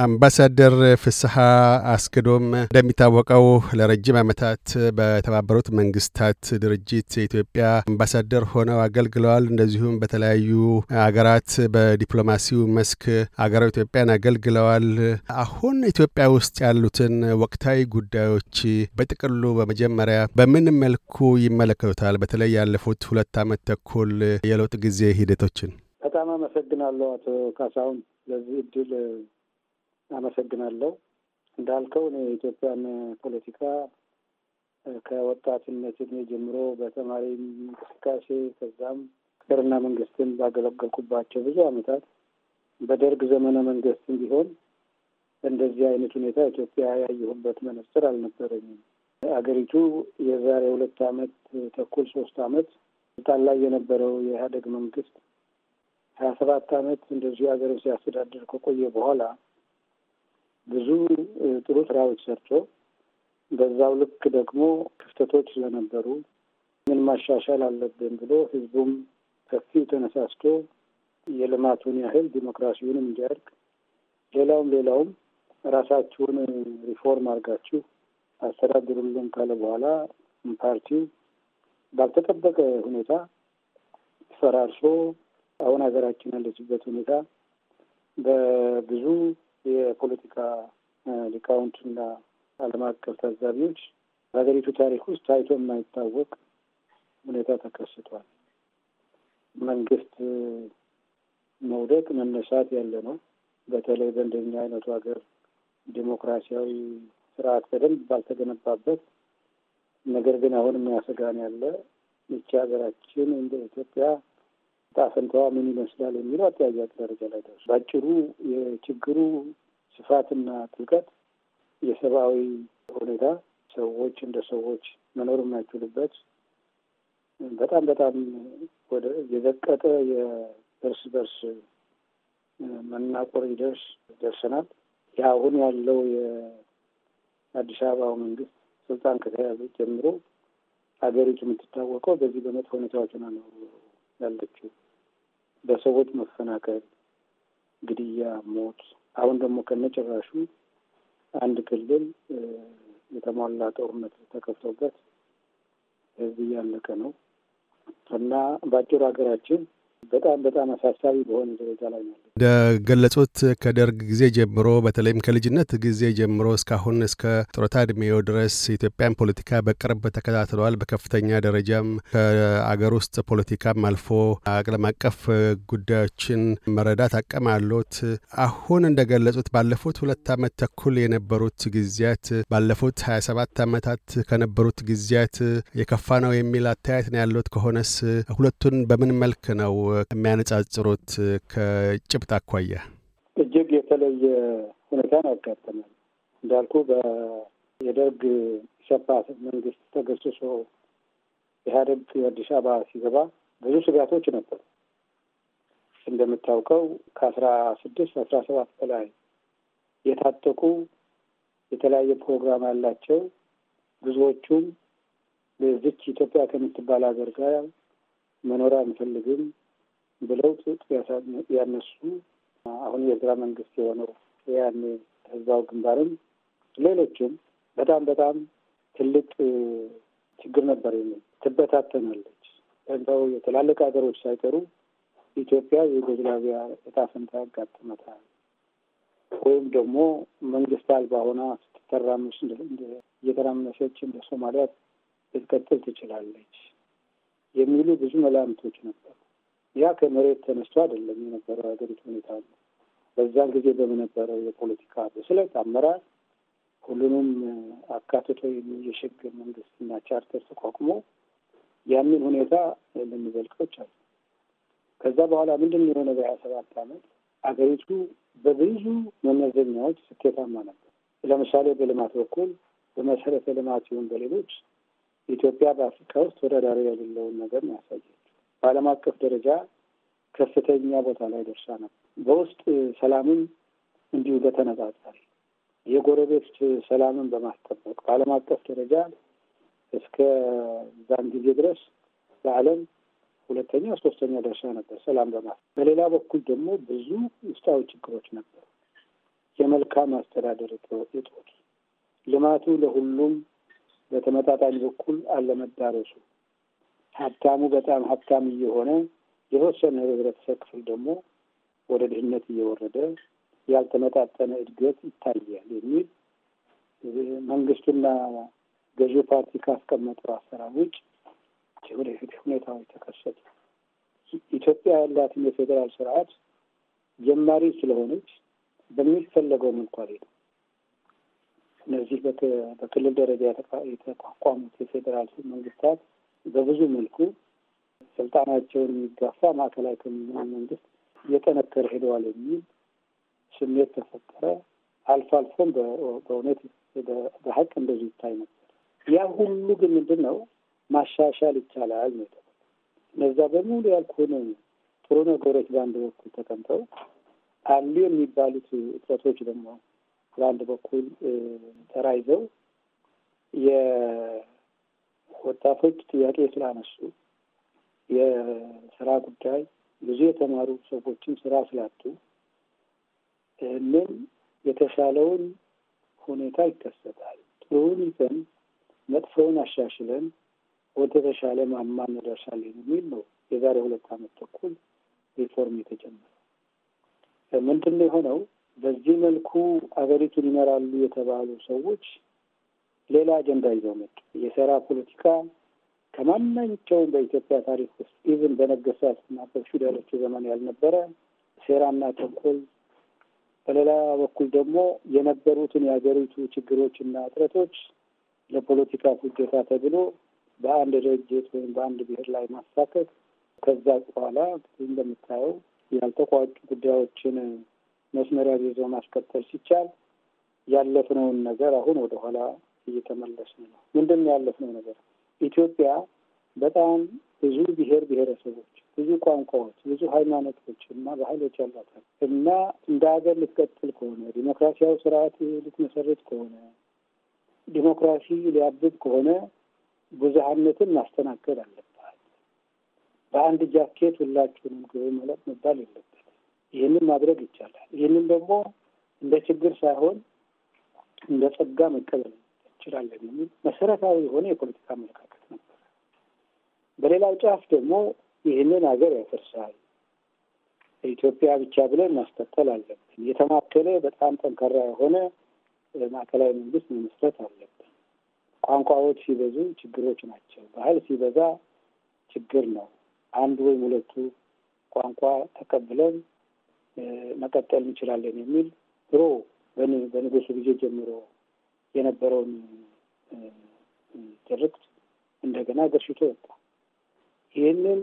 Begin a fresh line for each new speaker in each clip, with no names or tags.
አምባሳደር ፍስሐ አስክዶም እንደሚታወቀው ለረጅም ዓመታት በተባበሩት መንግስታት ድርጅት የኢትዮጵያ አምባሳደር ሆነው አገልግለዋል። እንደዚሁም በተለያዩ አገራት በዲፕሎማሲው መስክ አገራዊ ኢትዮጵያን አገልግለዋል። አሁን ኢትዮጵያ ውስጥ ያሉትን ወቅታዊ ጉዳዮች በጥቅሉ በመጀመሪያ በምን መልኩ ይመለከቱታል? በተለይ ያለፉት ሁለት ዓመት ተኩል የለውጥ ጊዜ ሂደቶችን።
በጣም አመሰግናለሁ አቶ ካሳሁን ለዚህ እድል አመሰግናለሁ። እንዳልከው እኔ የኢትዮጵያን ፖለቲካ ከወጣትነት እድሜ ጀምሮ በተማሪ እንቅስቃሴ ከዛም ሀገርና መንግስትን ባገለገልኩባቸው ብዙ አመታት በደርግ ዘመነ መንግስት ቢሆን እንደዚህ አይነት ሁኔታ ኢትዮጵያ ያየሁበት መነጽር አልነበረኝም። አገሪቱ የዛሬ ሁለት አመት ተኩል ሶስት አመት ስልጣን ላይ የነበረው የኢህአደግ መንግስት ሀያ ሰባት አመት እንደዚሁ ሀገርን ሲያስተዳድር ከቆየ በኋላ ብዙ ጥሩ ስራዎች ሰርቶ በዛው ልክ ደግሞ ክፍተቶች ስለነበሩ ምን ማሻሻል አለብን ብሎ ህዝቡም ከፊ ተነሳስቶ የልማቱን ያህል ዲሞክራሲውንም እንዲያድግ ሌላውም ሌላውም ራሳችሁን ሪፎርም አድርጋችሁ አስተዳድሩልን ካለ በኋላ ፓርቲው ባልተጠበቀ ሁኔታ ፈራርሶ አሁን ሀገራችን ያለችበት ሁኔታ በብዙ የፖለቲካ ሊቃውንትና ዓለም አቀፍ ታዛቢዎች በሀገሪቱ ታሪክ ውስጥ ታይቶ የማይታወቅ ሁኔታ ተከስቷል። መንግስት መውደቅ መነሳት ያለ ነው። በተለይ በእንደኛ አይነቱ ሀገር ዲሞክራሲያዊ ስርዓት በደንብ ባልተገነባበት፣ ነገር ግን አሁን የሚያስጋን ያለ ይቺ ሀገራችን እንደ ኢትዮጵያ ጣፈንተዋ ምን ይመስላል የሚለው አጠያያቂ ደረጃ ላይ ደርሷል። በአጭሩ የችግሩ ስፋትና ጥልቀት፣ የሰብአዊ ሁኔታ፣ ሰዎች እንደ ሰዎች መኖር የማይችሉበት በጣም በጣም ወደ የዘቀጠ የእርስ በርስ መናቆር ይደርስ ደርሰናል። የአሁን ያለው የአዲስ አበባው መንግስት ስልጣን ከተያዘ ጀምሮ ሀገሪቱ የምትታወቀው በዚህ በመጥፎ ሁኔታዎች ነው ያለችው። በሰዎች መፈናቀል፣ ግድያ፣ ሞት አሁን ደግሞ ከነጭራሹ አንድ ክልል የተሟላ ጦርነት ተከፍቶበት ህዝብ እያለቀ ነው እና በአጭሩ ሀገራችን በጣም በጣም አሳሳቢ በሆነ ደረጃ ላይ ነው።
እንደ ገለጹት ከደርግ ጊዜ ጀምሮ በተለይም ከልጅነት ጊዜ ጀምሮ እስካሁን እስከ ጡረታ እድሜው ድረስ የኢትዮጵያን ፖለቲካ በቅርብ ተከታትለዋል። በከፍተኛ ደረጃም ከአገር ውስጥ ፖለቲካም አልፎ ዓለም አቀፍ ጉዳዮችን መረዳት አቅም አሁን እንደ ገለጹት ባለፉት ሁለት ዓመት ተኩል የነበሩት ጊዜያት ባለፉት ሰባት ዓመታት ከነበሩት ጊዜያት የከፋ ነው የሚል አስተያየት ነው ያሉት። ከሆነስ ሁለቱን በምን መልክ ነው የሚያነጻጽሩት ከጭብጥ አኳያ?
እጅግ የተለየ ሁኔታ ነው ያጋጠመን። እንዳልኩ የደርግ ኢሰፓ መንግስት ተገስሶ ኢህአዴግ አዲስ አበባ ሲገባ ብዙ ስጋቶች ነበሩ። እንደምታውቀው ከአስራ ስድስት አስራ ሰባት በላይ የታጠቁ የተለያየ ፕሮግራም ያላቸው ብዙዎቹም በዚች ኢትዮጵያ ከምትባል ሀገር ጋር መኖር አንፈልግም ብለው ትጥቅ ያነሱ አሁን የኤርትራ መንግስት የሆነው ያኔ ህዝባዊ ግንባርም ሌሎችም በጣም በጣም ትልቅ ችግር ነበር የሚል ትበታተናለች። እንደው የትላልቅ ሀገሮች ሳይቀሩ ኢትዮጵያ የዩጎዝላቪያ እጣ ፈንታ ያጋጥመታል ወይም ደግሞ መንግስት አልባ ሆና ስትተራምስ እየተራመሰች እንደ ሶማሊያ ልትቀጥል ትችላለች የሚሉ ብዙ መላምቶች ነበር። ያ ከመሬት ተነስቶ አይደለም የነበረው ሀገሪቱ ሁኔታ ነው። በዛን ጊዜ በምነበረው የፖለቲካ ብስለት አመራር ሁሉንም አካትቶ የሽግግር መንግስትና ቻርተር ተቋቁሞ ያንን ሁኔታ ልንዘልቀዎች አሉ። ከዛ በኋላ ምንድን የሆነ በሀያ ሰባት አመት አገሪቱ በብዙ መመዘኛዎች ስኬታማ ነበር። ለምሳሌ በልማት በኩል በመሰረተ ልማት ሲሆን በሌሎች ኢትዮጵያ በአፍሪካ ውስጥ ተወዳዳሪ የሌለውን ነገር ነው ያሳያል። በዓለም አቀፍ ደረጃ ከፍተኛ ቦታ ላይ ደርሳ ነበር። በውስጥ ሰላምን እንዲሁ በተነጻጻሪ የጎረቤት ሰላምን በማስጠበቅ በዓለም አቀፍ ደረጃ እስከ ዛን ጊዜ ድረስ በዓለም ሁለተኛ ሶስተኛ ደርሳ ነበር ሰላም በማስ በሌላ በኩል ደግሞ ብዙ ውስጣዊ ችግሮች ነበሩ። የመልካም አስተዳደር እጦት፣ ልማቱ ለሁሉም በተመጣጣኝ በኩል አለመዳረሱ ሀብታሙ በጣም ሀብታም እየሆነ የተወሰነ ህብረተሰብ ክፍል ደግሞ ወደ ድህነት እየወረደ ያልተመጣጠነ እድገት ይታያል የሚል መንግስቱና ገዢ ፓርቲ ካስቀመጠው አሰራር ውጭ ወደፊት ሁኔታዎች ተከሰቱ። ኢትዮጵያ ያላትን የፌዴራል ስርዓት ጀማሪ ስለሆነች በሚፈለገው መልኩ ነው። እነዚህ በክልል ደረጃ የተቋቋሙት የፌዴራል መንግስታት በብዙ መልኩ ስልጣናቸውን የሚጋፋ ማዕከላዊ ኮሚሽን መንግስት እየጠነከረ ሄደዋል የሚል ስሜት ተፈጠረ። አልፎ አልፎም በእውነት በሀቅ እንደዚህ ይታይ ነበር። ያ ሁሉ ግን ምንድን ነው ማሻሻል ይቻላል ነው። እነዛ በሙሉ ያልኮነ ጥሩ ነገሮች በአንድ በኩል ተቀምጠው አሉ የሚባሉት እጥረቶች ደግሞ በአንድ በኩል ተራይዘው ወጣቶች ጥያቄ ስላነሱ የስራ ጉዳይ ብዙ የተማሩ ሰዎችን ስራ ስላጡ ይህንን የተሻለውን ሁኔታ ይከሰታል። ጥሩውን ይዘን መጥፎውን አሻሽለን ወደ ተሻለ ማማ እንደርሳለን የሚል ነው። የዛሬ ሁለት ዓመት ተኩል ሪፎርም የተጀመረው ምንድን ነው የሆነው? በዚህ መልኩ አገሪቱን ይመራሉ የተባሉ ሰዎች ሌላ አጀንዳ ይዘው መጡ። የሴራ ፖለቲካ ከማናቸውም በኢትዮጵያ ታሪክ ውስጥ ኢቭን በነገስታትና በፊውዳሎቹ ዘመን ያልነበረ ሴራና ተንኮል፣ በሌላ በኩል ደግሞ የነበሩትን የሀገሪቱ ችግሮችና እጥረቶች ለፖለቲካ ፍጆታ ተብሎ በአንድ ድርጅት ወይም በአንድ ብሔር ላይ ማሳከት ከዛ በኋላ እንደምታየው ያልተቋጩ ጉዳዮችን መስመሪያ ይዞ ማስቀጠል ሲቻል ያለፍነውን ነገር አሁን ወደኋላ እየተመለስን ነው። ምንድን ነው ያለፍነው ነገር? ኢትዮጵያ በጣም ብዙ ብሔር ብሔረሰቦች፣ ብዙ ቋንቋዎች፣ ብዙ ሃይማኖቶች እና ባህሎች ያሏት እና እንደ ሀገር ልትቀጥል ከሆነ ዲሞክራሲያዊ ስርዓት ልትመሰርት ከሆነ ዲሞክራሲ ሊያብብ ከሆነ ብዙሀነትን ማስተናገድ አለባት። በአንድ ጃኬት ሁላችሁንም ግብ መለጥ መባል የለበት። ይህንን ማድረግ ይቻላል። ይህንን ደግሞ እንደ ችግር ሳይሆን እንደ ጸጋ መቀበል እንችላለን የሚል መሰረታዊ የሆነ የፖለቲካ አመለካከት ነበር። በሌላው ጫፍ ደግሞ ይህንን ሀገር ያፈርሳል፣ ኢትዮጵያ ብቻ ብለን ማስቀጠል አለብን፣ የተማከለ በጣም ጠንካራ የሆነ ማዕከላዊ መንግስት መመስረት አለብን፣ ቋንቋዎች ሲበዙ ችግሮች ናቸው፣ ባህል ሲበዛ ችግር ነው፣ አንድ ወይም ሁለቱ ቋንቋ ተቀብለን መቀጠል እንችላለን የሚል ድሮ በንጉሱ ጊዜ ጀምሮ የነበረውን ትርክት እንደገና ገርሽቶ ወጣ። ይህንን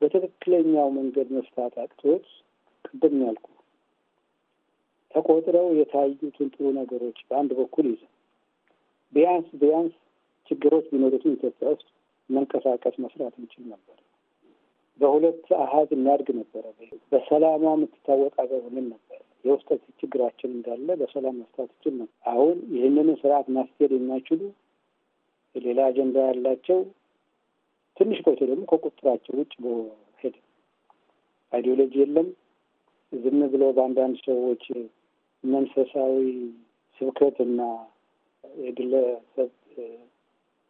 በትክክለኛው መንገድ መፍታት አቅቶት ቅድም ያልኩ ተቆጥረው የታዩትን ጥሩ ነገሮች በአንድ በኩል ይዘ ቢያንስ ቢያንስ ችግሮች ቢኖሩትም ኢትዮጵያ ውስጥ መንቀሳቀስ መስራት እንችል ነበር። በሁለት አሀዝ እናድግ ነበረ። በሰላሟ የምትታወቅ አገር ሆነን ነበር። የውስጠት ችግራችን እንዳለ በሰላም መፍታት ይችል ነው። አሁን ይህንንም ስርዓት ማስኬድ የማይችሉ ሌላ አጀንዳ ያላቸው ትንሽ ቆይቶ ደግሞ ከቁጥራቸው ውጭ በሄድ አይዲዮሎጂ የለም። ዝም ብሎ በአንዳንድ ሰዎች መንፈሳዊ ስብከት እና የግለሰብ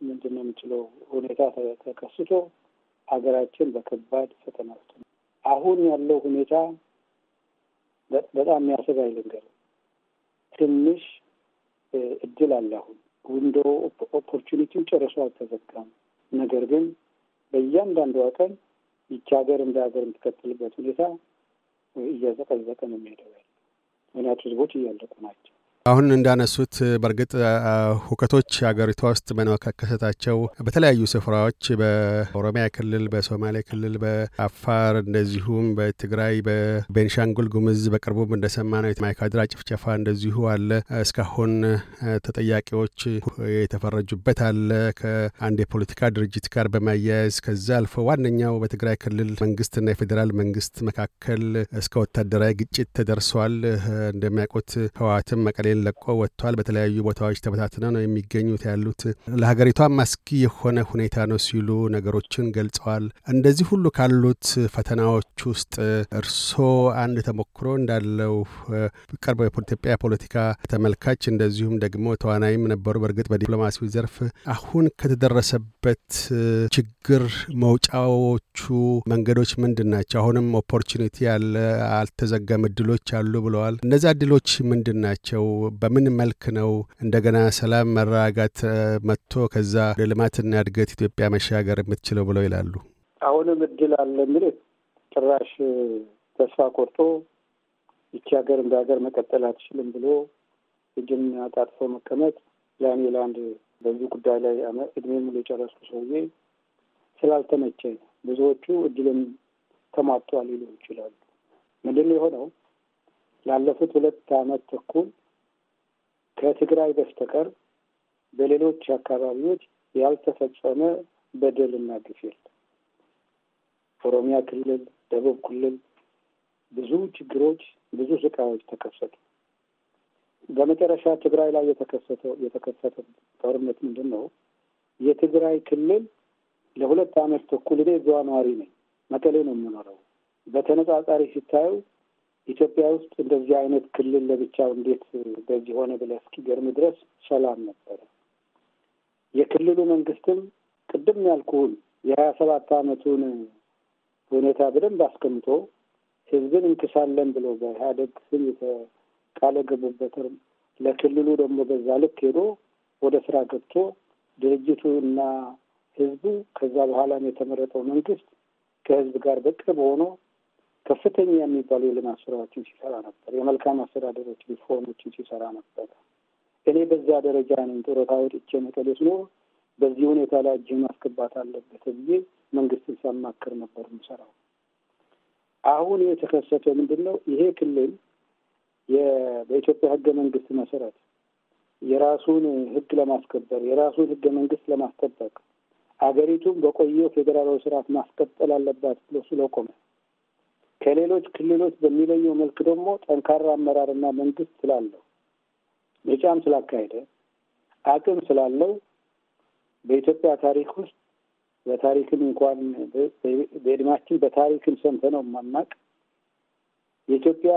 ምንድን ነው የምችለው ሁኔታ ተከስቶ ሀገራችን በከባድ ፈተና ውስጥ ነው አሁን ያለው ሁኔታ በጣም የሚያስብ አይልንገር ትንሽ እድል አለ። አሁን ዊንዶ ኦፖርቹኒቲው ጨርሶ አልተዘጋም። ነገር ግን በእያንዳንዷ ቀን ይቺ ሀገር እንደ ሀገር የምትቀጥልበት ሁኔታ እያዘቀዘቀ ነው የሚሄደው። ያለ ምክንያቱ ህዝቦች እያለቁ ናቸው።
አሁን እንዳነሱት በእርግጥ ሁከቶች ሀገሪቷ ውስጥ በመከሰታቸው በተለያዩ ስፍራዎች በኦሮሚያ ክልል፣ በሶማሌ ክልል፣ በአፋር እንደዚሁም በትግራይ፣ በቤንሻንጉል ጉምዝ በቅርቡም ነው የማይካድራ ጭፍጨፋ እንደዚሁ አለ። እስካሁን ተጠያቂዎች የተፈረጁበት አለ ከአንድ የፖለቲካ ድርጅት ጋር በማያያዝ ከዛ አልፎ ዋነኛው በትግራይ ክልል መንግስትና የፌዴራል መንግስት መካከል እስከ ወታደራዊ ግጭት ተደርሷል። እንደሚያውቁት ህወሓትም መቀሌ እስራኤል ለቆ ወጥቷል። በተለያዩ ቦታዎች ተበታትነው ነው የሚገኙት ያሉት። ለሀገሪቷም አስጊ የሆነ ሁኔታ ነው ሲሉ ነገሮችን ገልጸዋል። እንደዚህ ሁሉ ካሉት ፈተናዎች ውስጥ እርስዎ አንድ ተሞክሮ እንዳለው ቅርብ የኢትዮጵያ ፖለቲካ ተመልካች እንደዚሁም ደግሞ ተዋናይም ነበሩ። በእርግጥ በዲፕሎማሲው ዘርፍ አሁን ከተደረሰበት ችግር መውጫዎቹ መንገዶች ምንድን ናቸው? አሁንም ኦፖርቹኒቲ ያለ አልተዘጋም፣ እድሎች አሉ ብለዋል። እነዚያ እድሎች ምንድን ናቸው? በምን መልክ ነው እንደገና ሰላም መረጋጋት መጥቶ ከዛ ወደ ልማትና እድገት ኢትዮጵያ መሻገር የምትችለው ብለው ይላሉ።
አሁንም እድል አለ ምል ጭራሽ ተስፋ ቆርጦ ይቺ ሀገር እንደ ሀገር መቀጠል አትችልም ብሎ እጅም አጣጥፎ መቀመጥ ያኔ ለአንድ በዚህ ጉዳይ ላይ እድሜ ሙሉ የጨረስኩ ሰውዬ ስላልተመቸኝ ብዙዎቹ እድልም ተሟጥቷል ሊሉ ይችላሉ። ምንድን ነው የሆነው? ላለፉት ሁለት አመት ተኩል ከትግራይ በስተቀር በሌሎች አካባቢዎች ያልተፈጸመ በደልና ግፍ የለም። ኦሮሚያ ክልል፣ ደቡብ ክልል ብዙ ችግሮች፣ ብዙ ስቃዮች ተከሰቱ። በመጨረሻ ትግራይ ላይ የተከሰተው የተከሰተ ጦርነት ምንድን ነው? የትግራይ ክልል ለሁለት ዓመት ተኩል እኔ እዚዋ ነዋሪ ነኝ፣ መቀሌ ነው የምኖረው። በተነጻጻሪ ሲታዩ ኢትዮጵያ ውስጥ እንደዚህ አይነት ክልል ለብቻው እንዴት በዚህ ሆነ ብለህ እስኪገርም ድረስ ሰላም ነበረ። የክልሉ መንግስትም ቅድም ያልኩህን የሀያ ሰባት አመቱን ሁኔታ በደንብ አስቀምጦ ህዝብን እንክሳለን ብሎ በኢህአደግ ስም የተቃለ ገቡበትር ለክልሉ ደግሞ በዛ ልክ ሄዶ ወደ ስራ ገብቶ ድርጅቱ እና ህዝቡ ከዛ በኋላም የተመረጠው መንግስት ከህዝብ ጋር በቅርብ ሆኖ ከፍተኛ የሚባሉ የልማት ስራዎችን ሲሰራ ነበር። የመልካም አስተዳደሮች ሪፎርሞችን ሲሰራ ነበር። እኔ በዛ ደረጃ ነኝ ጡረታ ወጥቼ መቀሌ ስኖር በዚህ ሁኔታ ላይ እጅ ማስገባት አለበት ብዬ መንግስትን ሳማክር ነበር የምሰራው። አሁን የተከሰተው ምንድን ነው? ይሄ ክልል በኢትዮጵያ ህገ መንግስት መሰረት የራሱን ህግ ለማስከበር የራሱን ህገ መንግስት ለማስጠበቅ አገሪቱን በቆየው ፌዴራላዊ ስርዓት ማስቀጠል አለባት ብሎ ስለቆመ ከሌሎች ክልሎች በሚለየው መልክ ደግሞ ጠንካራ አመራርና መንግስት ስላለው ምርጫም ስላካሄደ አቅም ስላለው በኢትዮጵያ ታሪክ ውስጥ በታሪክም እንኳን በእድማችን በታሪክም ሰምተ ነው የማናቅ የኢትዮጵያ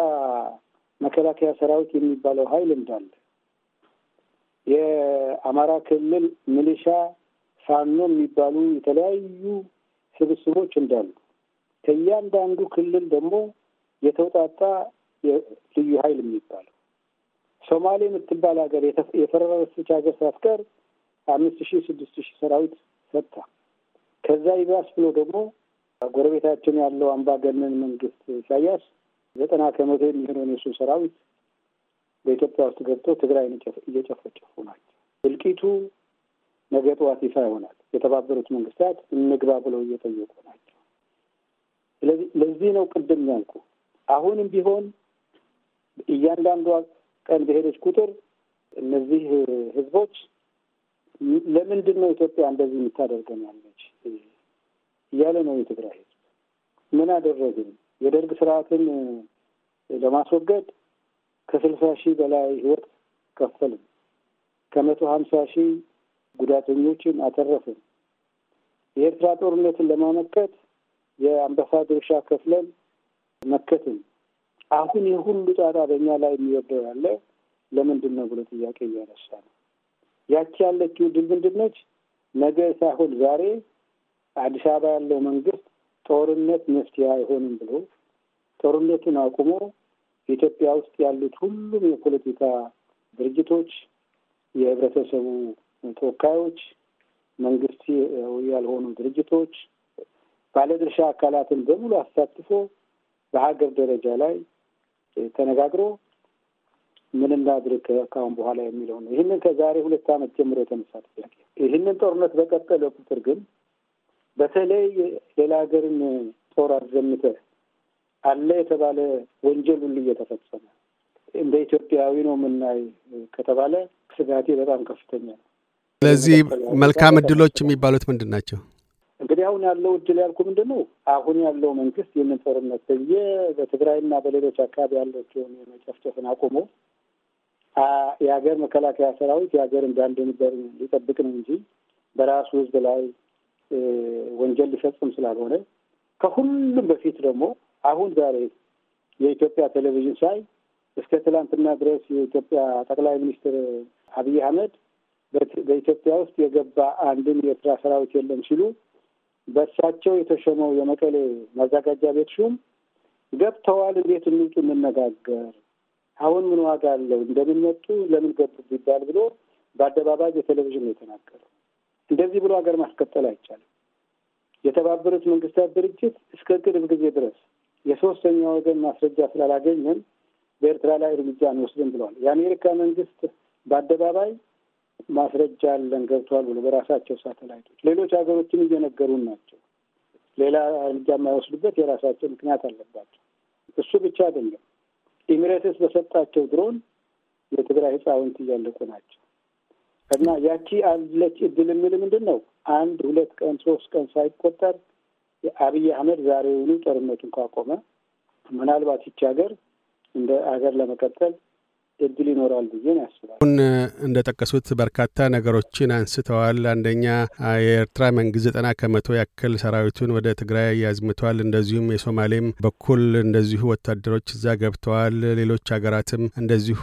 መከላከያ ሰራዊት የሚባለው ኃይል እንዳለ የአማራ ክልል ሚሊሻ ፋኖ የሚባሉ የተለያዩ ስብስቦች እንዳሉ ከእያንዳንዱ ክልል ደግሞ የተውጣጣ ልዩ ኃይል የሚባለው ሶማሌ የምትባል ሀገር የፈረረሰች ሀገር ሳትቀር አምስት ሺህ ስድስት ሺህ ሰራዊት ሰጥታ ከዛ ይባስ ብሎ ደግሞ ጎረቤታችን ያለው አምባገነን መንግስት ኢሳያስ ዘጠና ከመቶ የሚሆነውን የሱ ሰራዊት በኢትዮጵያ ውስጥ ገብቶ ትግራይን እየጨፈጨፉ ናቸው። እልቂቱ ነገ ጠዋት ይፋ ይሆናል። የተባበሩት መንግስታት እንግባ ብለው እየጠየቁ ስለዚህ ለዚህ ነው ቅድም ያልኩ አሁንም ቢሆን እያንዳንዷ ቀን በሄደች ቁጥር እነዚህ ህዝቦች ለምንድን ነው ኢትዮጵያ እንደዚህ የምታደርገን ያለች እያለ ነው የትግራይ ህዝብ። ምን አደረግን? የደርግ ስርዓትን ለማስወገድ ከስልሳ ሺህ በላይ ህይወት ከፈልም፣ ከመቶ ሀምሳ ሺህ ጉዳተኞችን አተረፍን። የኤርትራ ጦርነትን ለማመከት የአንበሳ ድርሻ ከፍለን መከትን። አሁን የሁሉ ጣጣ በእኛ ላይ የሚወደው ያለ ለምንድን ነው ብሎ ጥያቄ እያነሳ ነው። ያቺ ያለችው ድል ምንድን ነች? ነገ ሳይሆን ዛሬ አዲስ አበባ ያለው መንግስት ጦርነት መፍትሄ አይሆንም ብሎ ጦርነቱን አቁሞ ኢትዮጵያ ውስጥ ያሉት ሁሉም የፖለቲካ ድርጅቶች፣ የህብረተሰቡ ተወካዮች፣ መንግስት ያልሆኑ ድርጅቶች ባለድርሻ አካላትን በሙሉ አሳትፎ በሀገር ደረጃ ላይ ተነጋግሮ ምን እናድርግ ከአሁን በኋላ የሚለው ነው። ይህንን ከዛሬ ሁለት ዓመት ጀምሮ የተነሳ ጥያቄ። ይህንን ጦርነት በቀጠለ ቁጥር ግን በተለይ ሌላ ሀገርን ጦር አዘምተህ አለ የተባለ ወንጀል ሁሉ እየተፈጸመ እንደ ኢትዮጵያዊ ነው የምናይ ከተባለ ስጋቴ በጣም ከፍተኛ ነው።
ስለዚህ መልካም እድሎች የሚባሉት ምንድን ናቸው?
እንግዲህ አሁን ያለው እድል ያልኩ ምንድን ነው አሁን ያለው መንግስት ይህንን ጦርነት በየ በትግራይና በሌሎች አካባቢ ያለችውን የመጨፍጨፍን አቁሞ የሀገር መከላከያ ሰራዊት የሀገር እንዳንድ ድንበር ሊጠብቅ ነው እንጂ በራሱ ህዝብ ላይ ወንጀል ሊፈጽም ስላልሆነ፣ ከሁሉም በፊት ደግሞ አሁን ዛሬ የኢትዮጵያ ቴሌቪዥን ሳይ እስከ ትላንትና ድረስ የኢትዮጵያ ጠቅላይ ሚኒስትር አብይ አህመድ በኢትዮጵያ ውስጥ የገባ አንድን የኤርትራ ሰራዊት የለም ሲሉ በእሳቸው የተሾመው የመቀሌ ማዘጋጃ ቤት ሹም ገብተዋል፣ እንዴት እንውጡ እንነጋገር፣ አሁን ምን ዋጋ አለው እንደምን መጡ ለምን ገቡ ቢባል ብሎ በአደባባይ በቴሌቪዥን ነው የተናገረው። እንደዚህ ብሎ ሀገር ማስቀጠል አይቻልም። የተባበሩት መንግስታት ድርጅት እስከ ቅርብ ጊዜ ድረስ የሶስተኛ ወገን ማስረጃ ስላላገኘን በኤርትራ ላይ እርምጃ አንወስድም ብለዋል። የአሜሪካ መንግስት በአደባባይ ማስረጃ አለን ገብተዋል ብሎ በራሳቸው ሳተላይቶች ሌሎች ሀገሮችን እየነገሩን ናቸው። ሌላ እርምጃ የማይወስዱበት የራሳቸው ምክንያት አለባቸው። እሱ ብቻ አይደለም። ኢሚሬትስ በሰጣቸው ድሮን የትግራይ ህፃውንት እያለቁ ናቸው። እና ያቺ አለች እድል የሚል ምንድን ነው? አንድ ሁለት ቀን ሶስት ቀን ሳይቆጠር አብይ አህመድ ዛሬውኑ ጦርነቱን ካቆመ ምናልባት ይቺ ሀገር እንደ ሀገር ለመቀጠል እድል ይኖራል ብዬ ያስባል።
አሁን እንደጠቀሱት በርካታ ነገሮችን አንስተዋል። አንደኛ የኤርትራ መንግስት ዘጠና ከመቶ ያክል ሰራዊቱን ወደ ትግራይ ያዝምቷል። እንደዚሁም የሶማሌም በኩል እንደዚሁ ወታደሮች እዛ ገብተዋል። ሌሎች ሀገራትም እንደዚሁ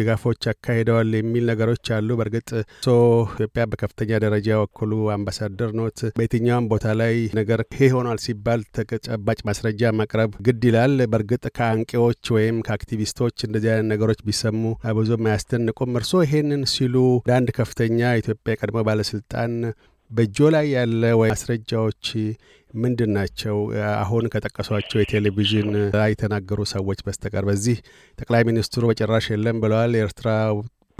ድጋፎች ያካሂደዋል የሚል ነገሮች አሉ። በእርግጥ ሶ ኢትዮጵያ በከፍተኛ ደረጃ ወክሉ አምባሳደር ኖት። በየትኛውም ቦታ ላይ ነገር ይሄ ሆኗል ሲባል ተጨባጭ ማስረጃ ማቅረብ ግድ ይላል። በእርግጥ ከአንቂዎች ወይም ከአክቲቪስቶች እንደዚህ አይነት ነገሮች ቢሰሙ ብዙም አያስደንቁም። እርስዎ ይሄንን ሲሉ ለአንድ ከፍተኛ ኢትዮጵያ ቀድሞ ባለስልጣን በእጆ ላይ ያለ ማስረጃዎች ምንድን ናቸው? አሁን ከጠቀሷቸው የቴሌቪዥን ላይ የተናገሩ ሰዎች በስተቀር በዚህ ጠቅላይ ሚኒስትሩ በጭራሽ የለም ብለዋል። የኤርትራ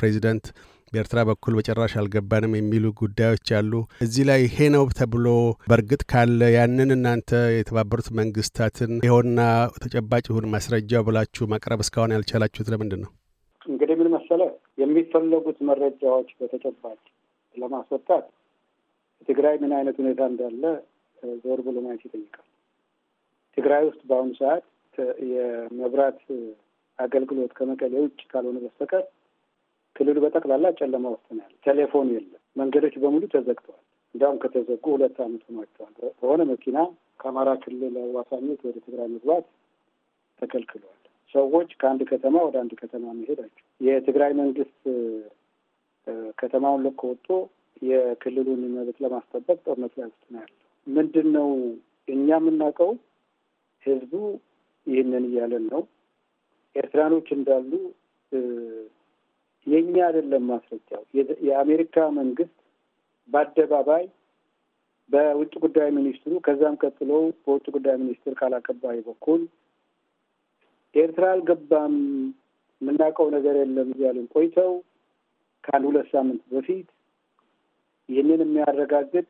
ፕሬዚደንት በኤርትራ በኩል በጭራሽ አልገባንም የሚሉ ጉዳዮች አሉ። እዚህ ላይ ይሄ ነው ተብሎ በእርግጥ ካለ ያንን እናንተ የተባበሩት መንግስታትን ይኸውና ተጨባጭ ይሁን ማስረጃው ብላችሁ ማቅረብ እስካሁን ያልቻላችሁት ለምንድን ነው?
መሰለህ የሚፈለጉት መረጃዎች በተጨባጭ ለማስወጣት ትግራይ ምን አይነት ሁኔታ እንዳለ ዞር ብሎ ማየት ይጠይቃል። ትግራይ ውስጥ በአሁኑ ሰዓት የመብራት አገልግሎት ከመቀሌ ውጭ ካልሆነ በስተቀር ክልሉ በጠቅላላ ጨለማ ውስጥ ነው ያለ። ቴሌፎን የለም። መንገዶች በሙሉ ተዘግተዋል። እንዲያውም ከተዘጉ ሁለት ዓመት ሆኗቸዋል። በሆነ መኪና ከአማራ ክልል አዋሳኞች ወደ ትግራይ መግባት ተከልክሏል። ሰዎች ከአንድ ከተማ ወደ አንድ ከተማ መሄዳቸው የትግራይ መንግስት ከተማውን ልክ ወጥቶ የክልሉን መብት ለማስጠበቅ ጦርነት ላይ ውስጥ ነው ያለው። ምንድን ነው እኛ የምናውቀው ህዝቡ ይህንን እያለን ነው። ኤርትራኖች እንዳሉ የእኛ አይደለም ማስረጃው። የአሜሪካ መንግስት በአደባባይ በውጭ ጉዳይ ሚኒስትሩ ከዛም ቀጥሎ በውጭ ጉዳይ ሚኒስትር ቃል አቀባይ በኩል ኤርትራ አልገባም የምናውቀው ነገር የለም እያለን ቆይተው ከአንድ ሁለት ሳምንት በፊት ይህንን የሚያረጋግጥ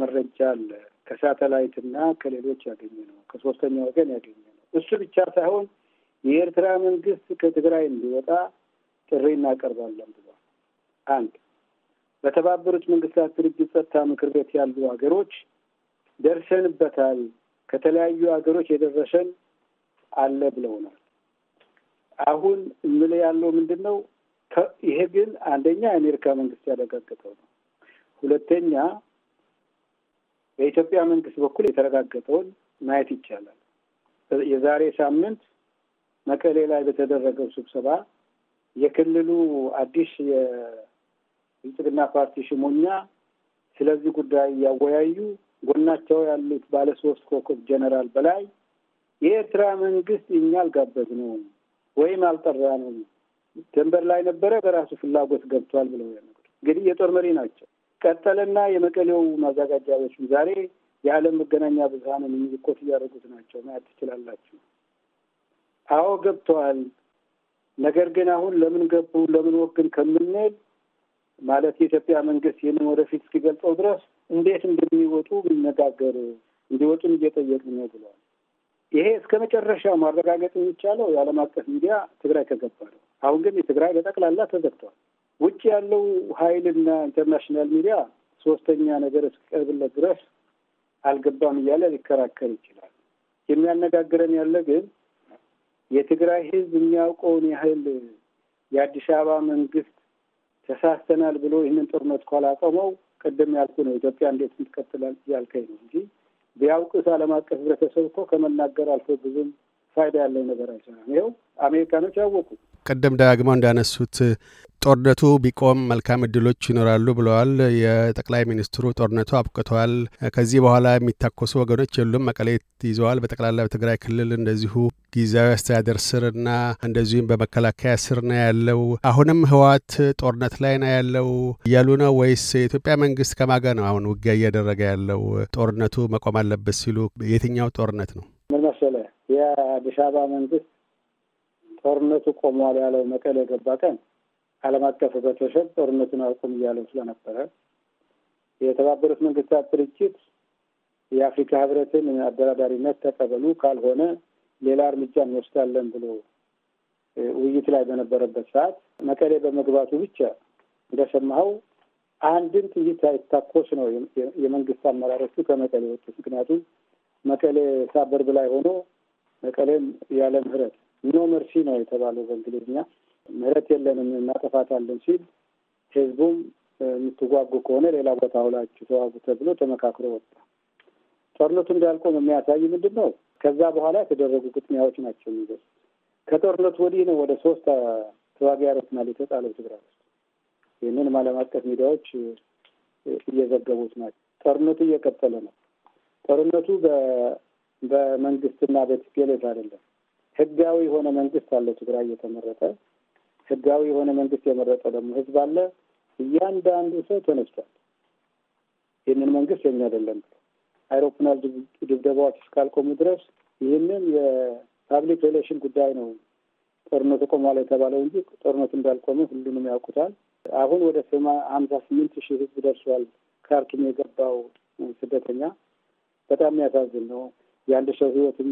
መረጃ አለ። ከሳተላይት እና ከሌሎች ያገኘ ነው፣ ከሶስተኛ ወገን ያገኘ ነው። እሱ ብቻ ሳይሆን የኤርትራ መንግስት ከትግራይ እንዲወጣ ጥሪ እናቀርባለን ብሏል። አንድ በተባበሩት መንግስታት ድርጅት ጸጥታ ምክር ቤት ያሉ ሀገሮች ደርሰንበታል። ከተለያዩ ሀገሮች የደረሰን አለ ብለው ነው። አሁን ምን ያለው ምንድን ነው? ይሄ ግን አንደኛ የአሜሪካ መንግስት ያረጋገጠው ነው። ሁለተኛ በኢትዮጵያ መንግስት በኩል የተረጋገጠውን ማየት ይቻላል። የዛሬ ሳምንት መቀሌ ላይ በተደረገው ስብሰባ የክልሉ አዲስ የብልጽግና ፓርቲ ሽሞኛ ስለዚህ ጉዳይ እያወያዩ ጎናቸው ያሉት ባለሶስት ኮከብ ጀነራል በላይ የኤርትራ መንግስት እኛ አልጋበዝ ነው ወይም አልጠራ ነው ደንበር ላይ ነበረ በራሱ ፍላጎት ገብቷል ብለው ያነግሩ እንግዲህ የጦር መሪ ናቸው። ቀጠለና የመቀሌው ማዘጋጃ ቤቱም ዛሬ የዓለም መገናኛ ብዙሀንን የሚልኮት እያደረጉት ናቸው ማየት ትችላላችሁ። አዎ ገብተዋል። ነገር ግን አሁን ለምን ገቡ ለምን ወግን ከምንል ማለት የኢትዮጵያ መንግስት ይህንን ወደፊት እስኪገልጸው ድረስ እንዴት እንደሚወጡ ቢነጋገር እንዲወጡን እየጠየቅ ነው ብለዋል። ይሄ እስከ መጨረሻው ማረጋገጥ የሚቻለው የዓለም አቀፍ ሚዲያ ትግራይ ከገባ ነው። አሁን ግን የትግራይ በጠቅላላ ተዘግቷል። ውጭ ያለው ኃይልና ኢንተርናሽናል ሚዲያ ሶስተኛ ነገር እስቀርብለት ድረስ አልገባም እያለ ሊከራከር ይችላል። የሚያነጋግረን ያለ ግን የትግራይ ሕዝብ የሚያውቀውን ያህል የአዲስ አበባ መንግስት ተሳስተናል ብሎ ይህንን ጦርነት ካላቆመው ቅድም ያልኩ ነው ኢትዮጵያ እንዴት ምትቀጥላል ያልከኝ ነው እንጂ ቢያውቅስ ዓለም አቀፍ ህብረተሰብ እኮ ከመናገር አልፎ ብዙም ፋይዳ ያለው ነገር አይሰራም። ይኸው አሜሪካኖች ያወቁ
ቀደም ዳግመው እንዳነሱት ጦርነቱ ቢቆም መልካም እድሎች ይኖራሉ ብለዋል የጠቅላይ ሚኒስትሩ። ጦርነቱ አብቅተዋል። ከዚህ በኋላ የሚታኮሱ ወገኖች የሉም። መቀሌት ይዘዋል። በጠቅላላ በትግራይ ክልል እንደዚሁ ጊዜያዊ አስተዳደር ስር እና እንደዚሁም በመከላከያ ስር ነው ያለው። አሁንም ህወሓት ጦርነት ላይ ነው ያለው እያሉ ነው ወይስ የኢትዮጵያ መንግስት ከማጋ ነው አሁን ውጊያ እያደረገ ያለው? ጦርነቱ መቆም አለበት ሲሉ የትኛው ጦርነት ነው?
ምን መሰለህ የአዲስ አበባ መንግስት ጦርነቱ ቆሟል ያለው መቀሌ የገባ ቀን ዓለም አቀፍ ህብረተሰብ ጦርነቱን አቁም እያለው ስለነበረ የተባበሩት መንግስታት ድርጅት የአፍሪካ ህብረትን አደራዳሪነት ተቀበሉ፣ ካልሆነ ሌላ እርምጃ እንወስዳለን ብሎ ውይይት ላይ በነበረበት ሰዓት መቀሌ በመግባቱ ብቻ እንደሰማኸው አንድን ጥይት አይታኮስ ነው የመንግስት አመራሮቹ ከመቀሌ ወጡት። ምክንያቱም መቀሌ ሳበርብ ላይ ሆኖ መቀሌም ያለ ምህረት ኖ መርሲ ነው የተባለው በእንግሊዝኛ። ምህረት የለንም እናጠፋታለን ሲል ህዝቡም የምትጓጉ ከሆነ ሌላ ቦታ ሁላችሁ ተዋጉ ተብሎ ተመካክሮ ወጣ። ጦርነቱ እንዳልቆም የሚያሳይ ምንድን ነው? ከዛ በኋላ የተደረጉ ግጥሚያዎች ናቸው የሚገርም። ከጦርነቱ ወዲህ ነው ወደ ሶስት ተዋጊ አውሮፕላን የተጣለው ትግራይ ውስጥ። ይህንንም ዓለም አቀፍ ሚዲያዎች እየዘገቡት ናቸው። ጦርነቱ እየቀጠለ ነው። ጦርነቱ በመንግስትና በቲፒኤልኤፍ አይደለም። ህጋዊ የሆነ መንግስት አለ። ትግራይ የተመረጠ ህጋዊ የሆነ መንግስት የመረጠ ደግሞ ህዝብ አለ። እያንዳንዱ ሰው ተነስቷል። ይህንን መንግስት የኛ አይደለም ብሎ አይሮፕላን ድብደባዎች እስካልቆሙ ድረስ ይህንን የፓብሊክ ሪሌሽን ጉዳይ ነው ጦርነቱ ቆሟል የተባለው እንጂ ጦርነቱ እንዳልቆመ ሁሉንም ያውቁታል። አሁን ወደ ስማ ሀምሳ ስምንት ሺህ ህዝብ ደርሷል። ካርቱም የገባው ስደተኛ በጣም የሚያሳዝን ነው። ያለ ሰው ህይወትም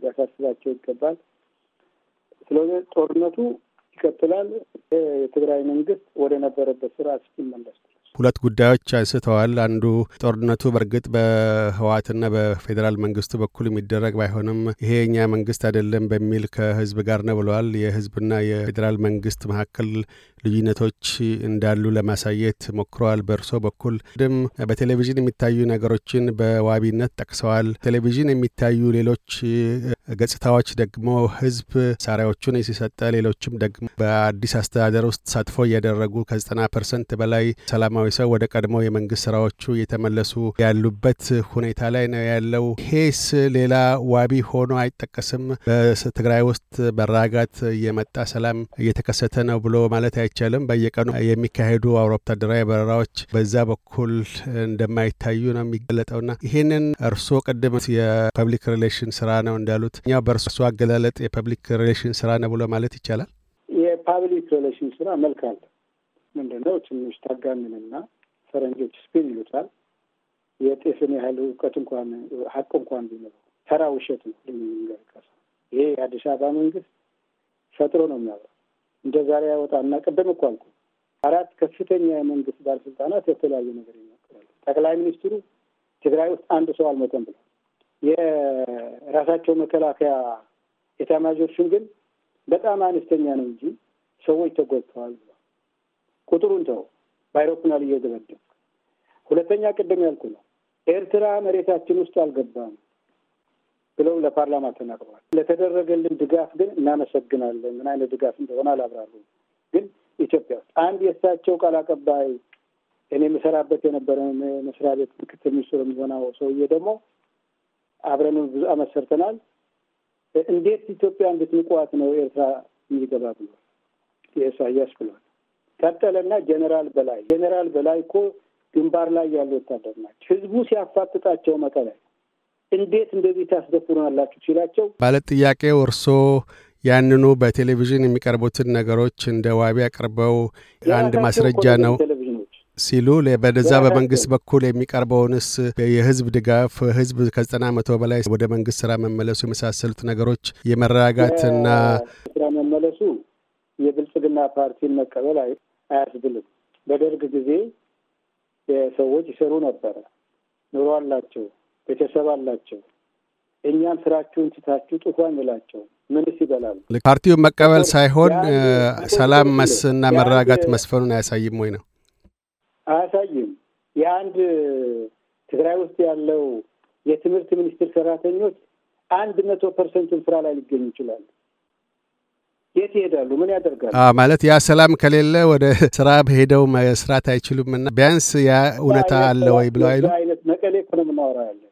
ሊያሳስባቸው ይገባል። ስለዚህ ጦርነቱ ይቀጥላል። የትግራይ መንግስት ወደ ነበረበት ስራ እስኪመለስ
ሁለት ጉዳዮች አንስተዋል። አንዱ ጦርነቱ በእርግጥ በህወሓትና በፌዴራል መንግስቱ በኩል የሚደረግ ባይሆንም ይሄ እኛ መንግስት አይደለም በሚል ከህዝብ ጋር ነው ብለዋል። የህዝብና የፌዴራል መንግስት መካከል ልዩነቶች እንዳሉ ለማሳየት ሞክረዋል። በእርሶ በኩል ድም በቴሌቪዥን የሚታዩ ነገሮችን በዋቢነት ጠቅሰዋል። ቴሌቪዥን የሚታዩ ሌሎች ገጽታዎች ደግሞ ህዝብ ሳሪያዎቹን ሲሰጠ፣ ሌሎችም ደግሞ በአዲስ አስተዳደር ውስጥ ተሳትፎ እያደረጉ ከዘጠና ፐርሰንት በላይ ሰላማ ሰላማዊ ሰው ወደ ቀድሞ የመንግስት ስራዎቹ እየተመለሱ ያሉበት ሁኔታ ላይ ነው ያለው። ይሄስ ሌላ ዋቢ ሆኖ አይጠቀስም። በትግራይ ውስጥ መረጋጋት የመጣ ሰላም እየተከሰተ ነው ብሎ ማለት አይቻልም። በየቀኑ የሚካሄዱ ወታደራዊ በረራዎች በዛ በኩል እንደማይታዩ ነው የሚገለጠውና ይህንን እርስዎ ቅድም የፐብሊክ ሪሌሽን ስራ ነው እንዳሉት እኛው በእርሶ አገላለጥ የፐብሊክ ሪሌሽን ስራ ነው ብሎ ማለት ይቻላል።
የፐብሊክ ሪሌሽን ስራ መልካም ምንድን ነው ትንሽ ታጋሚንና ፈረንጆች ስፒን ይሉታል የጤፍን ያህል እውቀት እንኳን ሀቅ እንኳን ቢኖረው ተራ ውሸት ነው ልንገርቀሰ ይሄ የአዲስ አበባ መንግስት ፈጥሮ ነው የሚያወራው። እንደ ዛሬ ያወጣና ቅድም እኮ አልኩ አራት ከፍተኛ የመንግስት ባለስልጣናት የተለያዩ ነገር ይሞክራሉ። ጠቅላይ ሚኒስትሩ ትግራይ ውስጥ አንድ ሰው አልሞተም ብለ የራሳቸው መከላከያ ኤታማዦር ሹም ግን በጣም አነስተኛ ነው እንጂ ሰዎች ተጎድተዋል ቁጥሩን ተው በአይሮፕላን እየደበደብ ሁለተኛ ቅድም ያልኩ ነው ኤርትራ መሬታችን ውስጥ አልገባም ብለው ለፓርላማ ተናግረዋል። ለተደረገልን ድጋፍ ግን እናመሰግናለን። ምን አይነት ድጋፍ እንደሆነ አላብራሩም። ግን ኢትዮጵያ ውስጥ አንድ የእሳቸው ቃል አቀባይ እኔ የምሰራበት የነበረ መስሪያ ቤት ምክትል ሚኒስትር የሚሆነው ሰውዬ ደግሞ አብረንም ብዙ አመት ሰርተናል። እንዴት ኢትዮጵያ እንድትንቋት ነው ኤርትራ የሚገባ ብሎ የኢሳያስ ብሏል። ቀጠለና ጀኔራል በላይ ጀኔራል በላይ እኮ ግንባር ላይ ያሉ ወታደር ናቸው። ህዝቡ ሲያፋጥጣቸው መቀለ እንዴት እንደዚህ ታስደፍሩናላችሁ ሲላቸው
ባለ ጥያቄ እርሶ ያንኑ በቴሌቪዥን የሚቀርቡትን ነገሮች እንደ ዋቢ አቅርበው አንድ ማስረጃ ነው ሲሉ በደዛ በመንግስት በኩል የሚቀርበውንስ የህዝብ ድጋፍ ህዝብ ከዘጠና መቶ በላይ ወደ መንግስት ስራ መመለሱ የመሳሰሉት ነገሮች የመረጋጋትና
ስራ መመለሱ የብልጽግና ፓርቲን መቀበል አያስብልም። በደርግ ጊዜ ሰዎች ይሰሩ ነበረ፣ ኑሮ አላቸው፣ ቤተሰብ አላቸው። እኛን ስራችሁን ትታችሁ ጥፉ ይላቸው ምንስ ይበላሉ? ፓርቲው መቀበል ሳይሆን ሰላም መስና መረጋጋት መስፈኑን
አያሳይም ወይ ነው?
አያሳይም። የአንድ ትግራይ ውስጥ ያለው የትምህርት ሚኒስቴር ሰራተኞች አንድ መቶ ፐርሰንቱን ስራ ላይ ሊገኙ ይችላሉ። የት ይሄዳሉ? ምን ያደርጋሉ?
ማለት ያ ሰላም ከሌለ ወደ ስራ ሄደው መስራት አይችሉም። እና ቢያንስ ያ እውነታ አለ ወይ ብለው አይሉ
አይነት መቀሌ እኮ ነው የምናወራ ያለ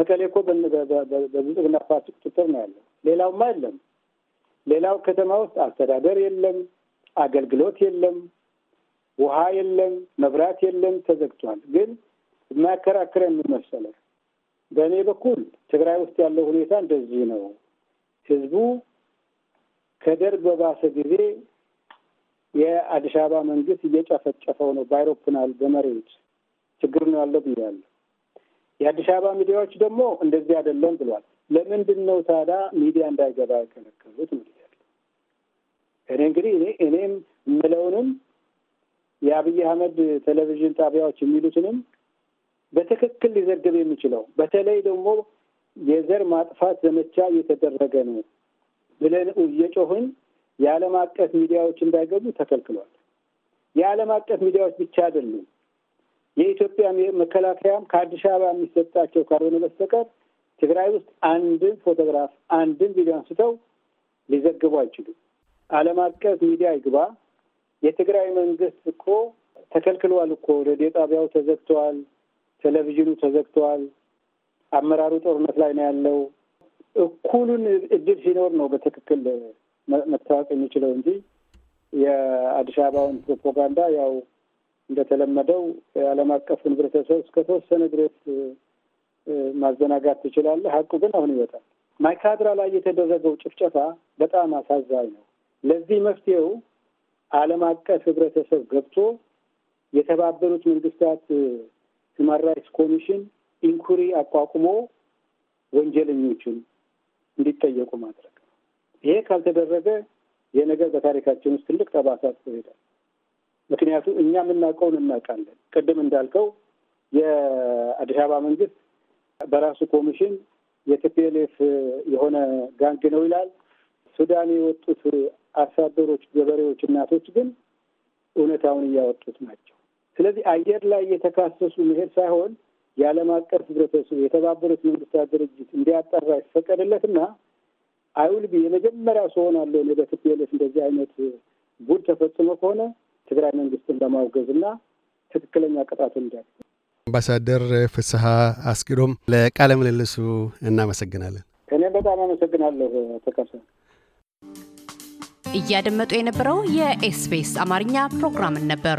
መቀሌ እኮ በብልጽግና ፓርቲ ቁጥጥር ነው ያለው። ሌላውማ የለም። ሌላው ከተማ ውስጥ አስተዳደር የለም፣ አገልግሎት የለም፣ ውሃ የለም፣ መብራት የለም፣ ተዘግቷል። ግን የማያከራክረን ምን መሰለህ፣ በእኔ በኩል ትግራይ ውስጥ ያለው ሁኔታ እንደዚህ ነው ህዝቡ ከደርግ በባሰ ጊዜ የአዲስ አበባ መንግስት እየጨፈጨፈው ነው፣ ባይሮፕናል በመሬት ችግር ነው ያለው ብያለሁ። የአዲስ አበባ ሚዲያዎች ደግሞ እንደዚህ አይደለም ብሏል። ለምንድን ነው ታዲያ ሚዲያ እንዳይገባ የከለከሉት? እኔ እንግዲህ እኔ እኔም የምለውንም የአብይ አህመድ ቴሌቪዥን ጣቢያዎች የሚሉትንም በትክክል ሊዘግብ የሚችለው በተለይ ደግሞ የዘር ማጥፋት ዘመቻ እየተደረገ ነው ብለን እየጮህን የዓለም አቀፍ ሚዲያዎች እንዳይገቡ ተከልክሏል። የዓለም አቀፍ ሚዲያዎች ብቻ አይደሉም። የኢትዮጵያ መከላከያም ከአዲስ አበባ የሚሰጣቸው ካልሆነ በስተቀር ትግራይ ውስጥ አንድን ፎቶግራፍ አንድን ቪዲዮ አንስተው ሊዘግቡ አይችሉም። ዓለም አቀፍ ሚዲያ ይግባ። የትግራይ መንግስት እኮ ተከልክሏል እኮ ሬዲዮ ጣቢያው ተዘግተዋል፣ ቴሌቪዥኑ ተዘግተዋል፣ አመራሩ ጦርነት ላይ ነው ያለው እኩሉን እድል ሲኖር ነው በትክክል መታወቅ የሚችለው እንጂ የአዲስ አበባውን ፕሮፓጋንዳ ያው እንደተለመደው የዓለም አቀፉን ህብረተሰብ እስከ ተወሰነ ድረስ ማዘናጋት ትችላለህ። ሀቁ ግን አሁን ይወጣል። ማይካድራ ላይ የተደረገው ጭፍጨፋ በጣም አሳዛኝ ነው። ለዚህ መፍትሄው ዓለም አቀፍ ህብረተሰብ ገብቶ የተባበሩት መንግስታት ሁማን ራይትስ ኮሚሽን ኢንኩሪ አቋቁሞ ወንጀለኞቹን እንዲጠየቁ ማድረግ። ይሄ ካልተደረገ የነገር በታሪካችን ውስጥ ትልቅ ጠባሳ ጥሎ ይሄዳል። ምክንያቱም እኛ የምናውቀውን እናውቃለን። ቅድም እንዳልከው የአዲስ አበባ መንግስት በራሱ ኮሚሽን የቲፒኤልኤፍ የሆነ ጋንግ ነው ይላል። ሱዳን የወጡት አርሶ አደሮች፣ ገበሬዎች፣ እናቶች ግን እውነታውን እያወጡት ናቸው። ስለዚህ አየር ላይ እየተካሰሱ መሄድ ሳይሆን የዓለም አቀፍ ህብረተሰብ የተባበሩት መንግስታት ድርጅት እንዲያጠራ ይፈቀድለትና አይውልቢ የመጀመሪያው ሰው ሆናለሁ እኔ በትፒኤልኤፍ እንደዚህ አይነት ቡድ ተፈጽሞ ከሆነ ትግራይ መንግስትን ለማውገዝና ትክክለኛ ቅጣቱ እንዲያ
አምባሳደር ፍስሀ አስቂዶም ለቃለ ምልልሱ እናመሰግናለን።
እኔም በጣም አመሰግናለሁ። ተቀሰ
እያደመጡ የነበረው የኤስፔስ አማርኛ ፕሮግራምን ነበር።